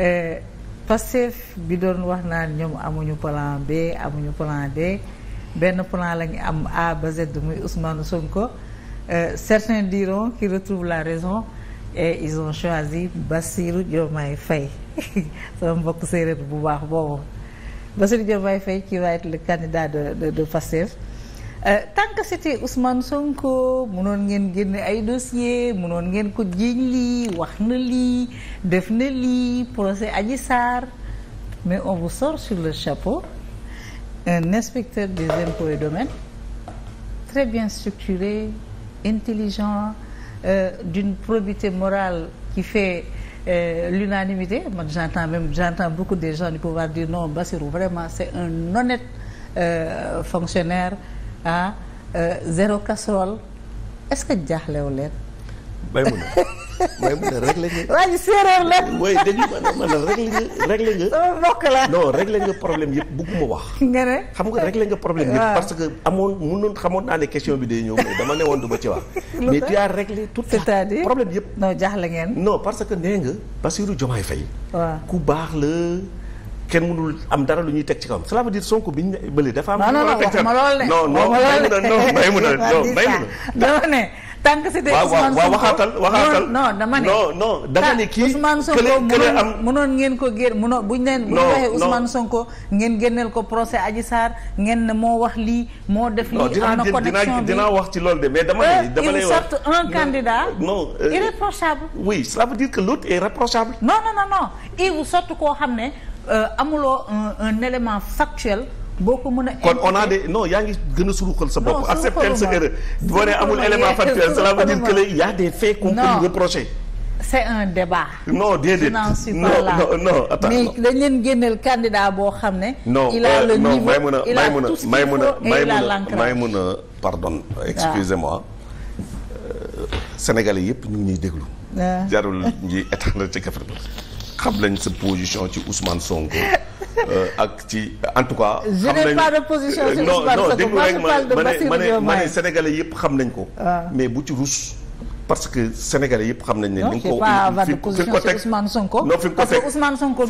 Eh, Pastef bi doon wax naan ñoom amuñu plan B amuñu plan D benn plan la am A ba Z muy Ousmane ko eh, certains diront qu'ils retrouvent la raison et ils ont choisi Bassirou Diomaye fay sama mbokk séeréer bu baax boobu Bassirou Diomaye Faye qui va être le candidat de de de Pastef Eh, tant que c'était Ousmane Sonko mënoon ngeen génne ay dossier mënoon ngeen ko jiiñ lii wax na lii def na lii procès Adji Sarr mais on vous sort sur le chapeau un inspecteur des impôts et domaines très bien structuré intelligent euh, d'une probité morale qui fait euh, l'unanimité man j'entends même j'entends beaucoup des gens du pouvoir dire non Bassirou vraiment c'est un honnête euh, fonctionnaire ah euh, zéro casserole est-ce que jaaxlewu leen. bay mu ne bay mu ne réglé nga. waa ji séeréer la. mooy dañu man man a nga réglé nga. sama mbokk problème yëpp bëgguma wax. nga ne xam nga réglé nga problème yëpp. parce que amoon mënoon xamoon naa ne question bi day ñëw mais dama ne woon du ma ci wax. mais tu as tout cest à problème yëpp. non jaaxle ngeen. non parce que nee nga. Bassirou Diomaye Faye. waaw ku baax la. kenn mënul am dara lu ñuy teg ci kawam cela veut dire Sonko bi ñu bële dafa am. non non waxuma lool non non a a. dama ne tant que c'était Ousmane Sonko waaw waxaatal waxaatal. non dama ne non non ngeen ko génn mënoon bu ñu ngeen génneel ko procès Adji Sarr ngeen ne moo wax lii moo def lii. am na connexion bi dinaa wax ci loolu de mais dama euh, dama lay wax il sort un candidat. non euh, irréprochable. oui cela veut dire que l'autre est réprochable. koo xam ne. Euh, amuloo un élément factuel boo ko mën a. kon on a no yaa ngi gën a suruxal sa bopp. accepter sa erreur boo nee amul élément factuel cela y a des faits c'est un débat. non déedéet non non non attends mais dañ leen génneel candidat boo xam ne. il a euh, le niveau il a tout ce qu'il faut et a l'ancrage Maïmouna pardon ah. excusez-moi euh, Sénégalais yëpp ñu ngi ñuy déglu. Ah. jarul ñi état ci kafar xam nañ sa position ci Ousmane Sonko euh, ak ci en tout cas. xam nañ euh, je n'ai ma ne ma ne yëpp xam nañ ko. Ah. mais bu ci rus. parce que sénégalais yëpp xam nañ ne. ni nga ko fi nga ko teg non fi nga ko teg parce que Ousmane Sonko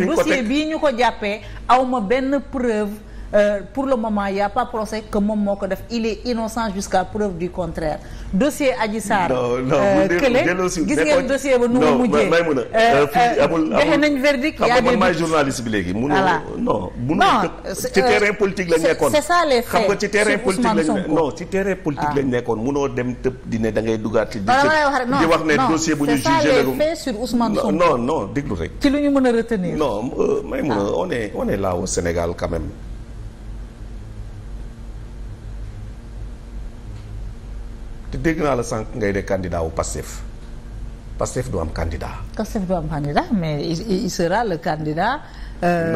bii ñu ko jàppee aw benn preuve. euh, pour le moment il y a pas procès que moom moo ko def il est innocent jusqu'à preuve du contraire dossier Adji Sarr euh, kële gis ngeen dossier ba nu mu mujjee may mun a euh, euh, fii amul joxe nañ verdict yaa man maay journaliste bi léegi munu non munu ci terrain politique lañ nekkoon c'est ça les xam nga ci terrain politique lañ non ci terrain politique lañ ah. nekkoon munoo dem tëb di da ngay dugaat ci wax ne dossier bu ñu jugé la faits sur Ousmane ñu mën a retenir non may mun a Sénégal quand te dégg naa la sànq ngay de candidat wu Pastef Pastef du am candidat. Pastef du am candidat mais il sera le candidat. Euh,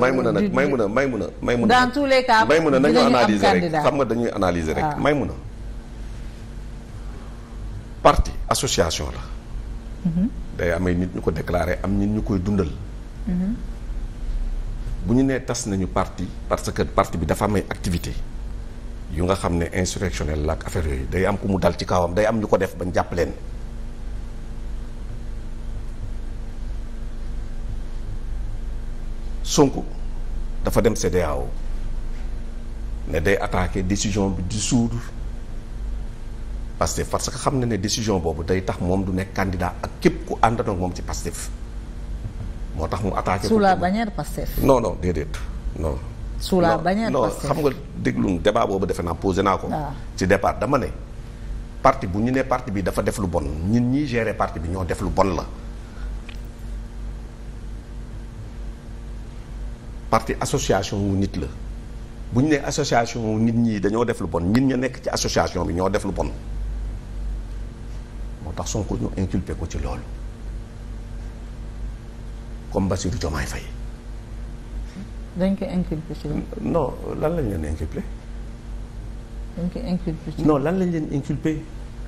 may mun Maymuna nag Maymuna Maymuna Maymuna. dans tous les cas Maymuna nañu analyser rek xam nga dañuy analyser rek ah. parti association la. Mm-hmm. day amee nit ñu ko déclaré am nit ñu koy dundal. Mm-hmm. bu ñu nee tas nañu parti parce que parti bi dafa am ay activité yu nga xam ne insurrectionnel la ak affaire yooyu day am ku mu dal ci kawam day am ñu ko def bañ jàpp leen Sonko dafa dem CEDEAO ne day attaquer décision bi di suur Pastef parce que xam na ne décision boobu day tax moom du nekk candidat ak képp ku àndandoo moom ci Pastef moo tax mu attaqué. sous la bannière Pastef. non non déedéet non. sous la bannière non xam nga déglu débat boobu defe naa posé naa ko. Ah. ci départ dama ne. parti bu ñu nee parti bi dafa def lu bon ñun ñiy gérer parti bi ñoo def lu bon la. parti association wu nit la bu ñu nee association wu nit ñi dañoo def lu bon ñun ña nekk ci association bi ñoo def lu bon moo tax Sonko ñu inculpé ko ci loolu comme Bassirou Diomaye Faye dañ ko inculpé ci non lan lañ leen inculpé. dañ ko inculpé lan lañ leen inculpé.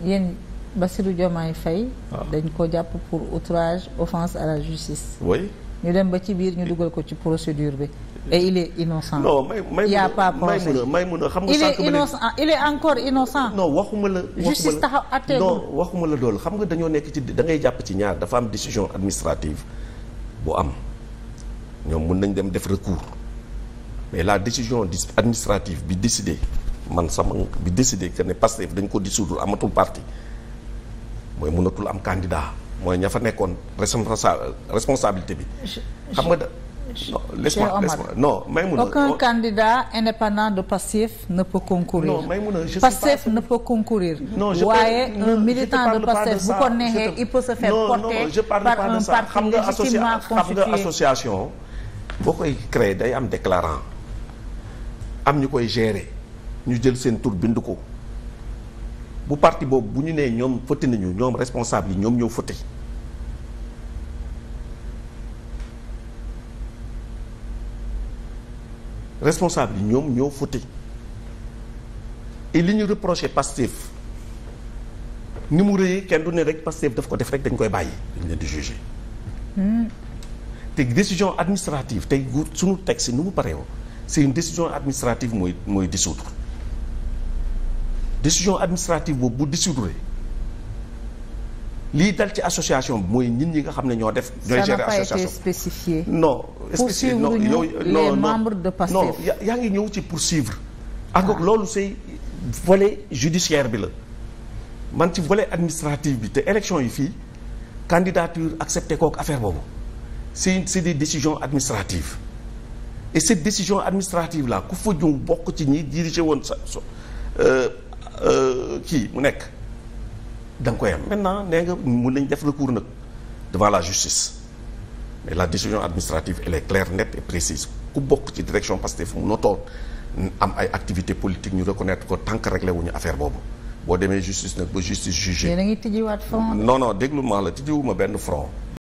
yéen Bassirou Diomaye Faye. Ah. dañ ko jàpp pour outrage offense à la justice. oui ñu dem ba ci biir ñu dugal ko ci procédure bi. et il est innocent. non may may a pas procès may mun a xam nga. il est innocent il est encore innocent. non waxuma la. justice taxaw àtte non waxuma la loolu xam nga dañoo nekk ci da ngay jàpp ci ñaar dafa am décision administrative bu am ñoom mun nañ dem def recours. mais la décision administrative bi décidé man sama bi décidé que ne Pastef dañ ko dissoudre amatul parti mooy mënatul am candidat mooy ña fa nekkoon responsabilité bi. xam nga da non laisse-moi laisse-moi non Maïmouna. aucun candidat de Pastef ne peut concourir. non Maïmouna je Pastef ne peut concourir. non je waaye militant de Pastef bu ko neexee il peut se faire porter par un parti légitimement constitué. association boo koy créer day am déclarant. am ñu koy gérer ñu jël seen tour bind ko bu parti boobu bu ñu nee ñoom fëtti nañu ñoom responsable yi ñoom ñoo fëtti responsable ñoom ñoo fëtti et li ñu reproché Pastef ni mu rëyee kenn du ne rek Pastef daf ko def rek dañ koy bàyyi dañ leen di jugé hmm. te décision administrative tey suñu texte ni mu parewoo c'est une décision administrative mooy mooy dissoudre décision administrative boobu bu dissoudre lii dal ci association bi mooy ñin ñi nga xam ne ñoo def. ñooy gérer association spécifié. non spécifié non yow non yaa ngi ñëw ci poursuivre. ak ah. loolu c'est volet judiciaire bi la man ci volet administratif bi te élection yi fii candidature accepté kook affaire boobu c'est c'est des décisions administratives. et cette décision administrative là ku fa jum bokk ci ñi dirigé woon sa so euh, euh, kii mu nekk da nga koy am maintenant nee nga mun nañ def recours nag devant la justice mais la décision administrative elle est claire nette et précise ku bokk ci direction Pastef mu notoon am ay activité politique ñu reconnaître ko tant que réglé wuñu affaire boobu boo demee justice nag ba justice jugé. mais da ngay tijjiwaat front. non non déglu ma la tijjiwuma benn front.